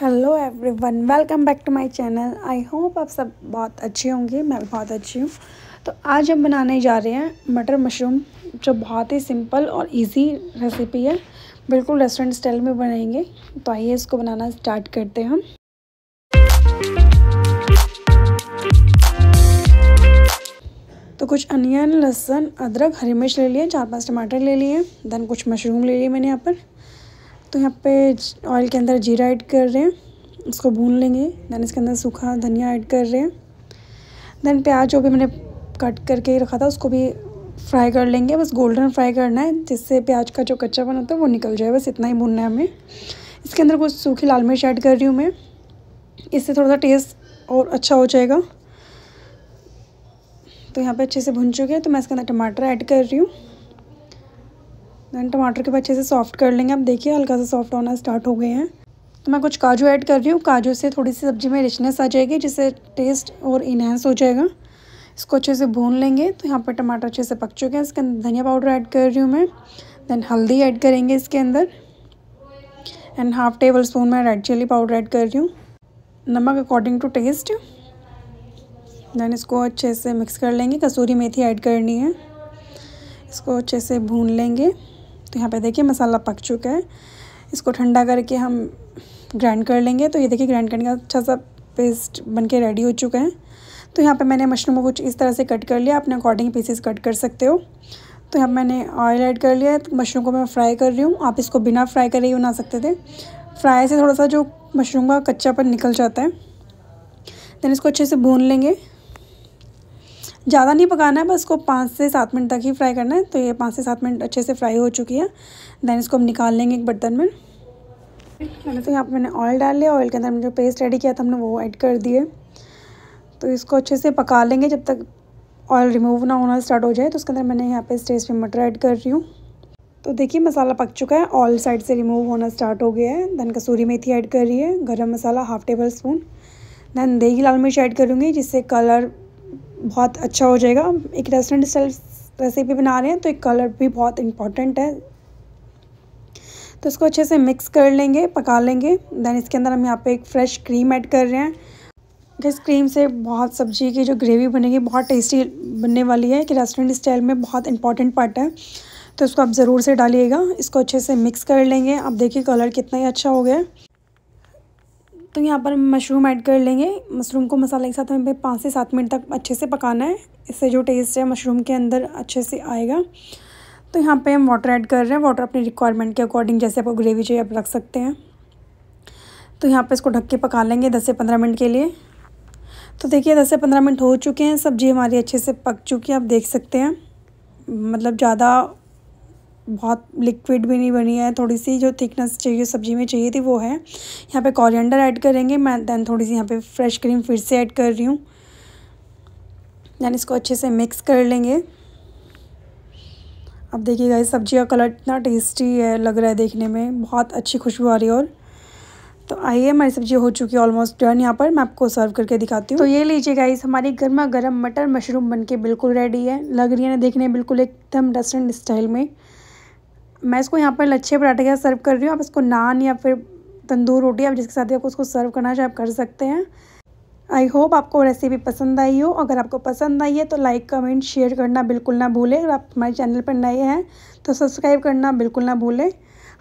hello everyone welcome back to my channel I hope आप सब बहुत अच्छे होंगे मैं बहुत अच्छी हूँ तो आज हम बनाने जा रहे हैं मटर मशरूम जो बहुत ही सिंपल और इजी रेसिपी है बिल्कुल रेस्टोरेंट स्टाइल में बनाएंगे तो आइए इसको बनाना स्टार्ट करते हैं हम तो कुछ अनियन लहसुन अदरक हरी मिर्च ले लिए चार पांच टमाटर ले लिए देन कुछ मशरूम ले लिए मैंने यहाँ पर तो यहाँ पे ऑयल के अंदर जीरा ऐड कर रहे हैं उसको भून लेंगे दैन इसके अंदर सूखा धनिया ऐड कर रहे हैं दैन प्याज जो भी मैंने कट करके रखा था उसको भी फ्राई कर लेंगे बस गोल्डन फ्राई करना है जिससे प्याज का जो कच्चापन होता है वो निकल जाए बस इतना ही भूनना है हमें इसके अंदर कुछ सूखी लाल मिर्च ऐड कर रही हूँ मैं इससे थोड़ा सा टेस्ट और अच्छा हो जाएगा तो यहाँ पे अच्छे से भुन चुके हैं तो मैं इसके अंदर टमाटर ऐड कर रही हूँ दैन टमाटर के अच्छे से सॉफ्ट कर लेंगे आप देखिए हल्का सा सॉफ्ट होना स्टार्ट हो गए हैं तो मैं कुछ काजू ऐड कर रही हूँ काजू से थोड़ी सी सब्ज़ी में रिचनेस आ जाएगी जिससे टेस्ट और इन्हेंस हो जाएगा इसको अच्छे से भून लेंगे तो यहाँ पर टमाटर अच्छे से पक चुके हैं इसके अंदर धनिया पाउडर ऐड कर रही हूँ मैं देन हल्दी ऐड करेंगे इसके अंदर एंड हाफ़ टेबल स्पून मैं रेड चिली पाउडर ऐड कर रही हूँ नमक अकॉर्डिंग टू टेस्ट दैन इसको अच्छे से मिक्स कर लेंगे कसूरी मेथी ऐड करनी है इसको अच्छे से भून लेंगे तो यहाँ पे देखिए मसाला पक चुका है इसको ठंडा करके हम ग्राइंड कर लेंगे तो ये देखिए ग्राइंड करने का अच्छा सा पेस्ट बन के रेडी हो चुका है तो यहाँ पे मैंने मशरूम को कुछ इस तरह से कट कर लिया अपने अकॉर्डिंग पीसेस कट कर सकते हो तो यहाँ मैंने ऑयल ऐड कर लिया है तो मशरूम को मैं फ्राई कर रही हूँ आप इसको बिना फ्राई करे ही बना सकते थे फ्राई से थोड़ा सा जो मशरूम का कच्चापन निकल जाता है देन इसको अच्छे से भून लेंगे ज़्यादा नहीं पकाना है बस इसको पाँच से सात मिनट तक ही फ्राई करना है तो ये पाँच से सात मिनट अच्छे से फ्राई हो चुकी है दैन इसको हम निकाल लेंगे एक बर्तन में तो यहाँ पर मैंने ऑयल डाल लिया ऑयल के अंदर जो पेस्ट रेडी किया था हमने वो ऐड कर दिए तो इसको अच्छे से पका लेंगे जब तक ऑयल रिमूव ना होना स्टार्ट हो जाए तो उसके अंदर मैंने यहाँ पे स्टेज पे मटर ऐड कर रही हूँ तो देखिए मसाला पक चुका है ऑल साइड से रिमूव होना स्टार्ट हो गया है दैन कसूरी मेथी ऐड कर रही है गरम मसाला हाफ टेबल स्पून दैन देगी लाल मिर्च ऐड करूँगी जिससे कलर बहुत अच्छा हो जाएगा एक रेस्टोरेंट सेल्फ रेसिपी बना रहे हैं तो एक कलर भी बहुत इम्पॉर्टेंट है तो इसको अच्छे से मिक्स कर लेंगे पका लेंगे दैन इसके अंदर हम यहाँ पे एक फ्रेश क्रीम ऐड कर रहे हैं इस क्रीम से बहुत सब्जी की जो ग्रेवी बनेगी बहुत टेस्टी बनने वाली है कि रेस्टोरेंट स्टाइल में बहुत इंपॉर्टेंट पार्ट है तो इसको आप ज़रूर से डालिएगा इसको अच्छे से मिक्स कर लेंगे आप देखिए कलर कितना ही अच्छा हो गया है तो यहाँ पर मशरूम ऐड कर लेंगे मशरूम को मसाले के साथ हमें पाँच से सात मिनट तक अच्छे से पकाना है इससे जो टेस्ट है मशरूम के अंदर अच्छे से आएगा तो यहाँ पे हम वाटर ऐड कर रहे हैं वाटर अपनी रिक्वायरमेंट के अकॉर्डिंग जैसे आपको ग्रेवी चाहिए आप रख सकते हैं तो यहाँ पर इसको ढक के पका लेंगे दस से पंद्रह मिनट के लिए तो देखिए दस से पंद्रह मिनट हो चुके हैं सब्जी हमारी अच्छे से पक चुकी है आप देख सकते हैं मतलब ज़्यादा बहुत लिक्विड भी नहीं बनी है थोड़ी सी जो थिकनेस चाहिए सब्ज़ी में चाहिए थी वो है यहाँ पे कॉरियंडर ऐड करेंगे मैं दैन थोड़ी सी यहाँ पे फ्रेश क्रीम फिर से ऐड कर रही हूँ दैन इसको अच्छे से मिक्स कर लेंगे अब देखिएगा इस सब्ज़ी का कलर इतना टेस्टी है लग रहा है देखने में बहुत अच्छी खुशबू आ रही है और तो आइए हमारी सब्जी हो चुकी है ऑलमोस्ट डन यहाँ पर मैं आपको सर्व करके दिखाती हूँ तो ये लीजिए गाइस हमारी गर्मा गर्म मटर मशरूम बनके बिल्कुल रेडी है लग रही है ना देखने बिल्कुल एकदम रेस्टोरेंट स्टाइल में मैं इसको यहाँ पर लच्छे पराठे के साथ सर्व कर रही हूँ आप इसको नान या फिर तंदूर रोटी आप जिसके साथ आपको उसको सर्व करना चाहे आप कर सकते हैं आई होप आपको रेसिपी पसंद आई हो अगर आपको पसंद आई है तो लाइक कमेंट शेयर करना बिल्कुल ना भूलें अगर आप हमारे चैनल पर नए हैं तो सब्सक्राइब करना बिल्कुल ना भूलें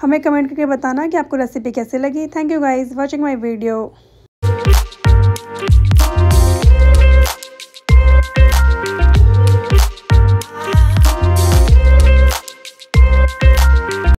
हमें कमेंट करके बताना कि आपको रेसिपी कैसे लगी thank you guys watching my video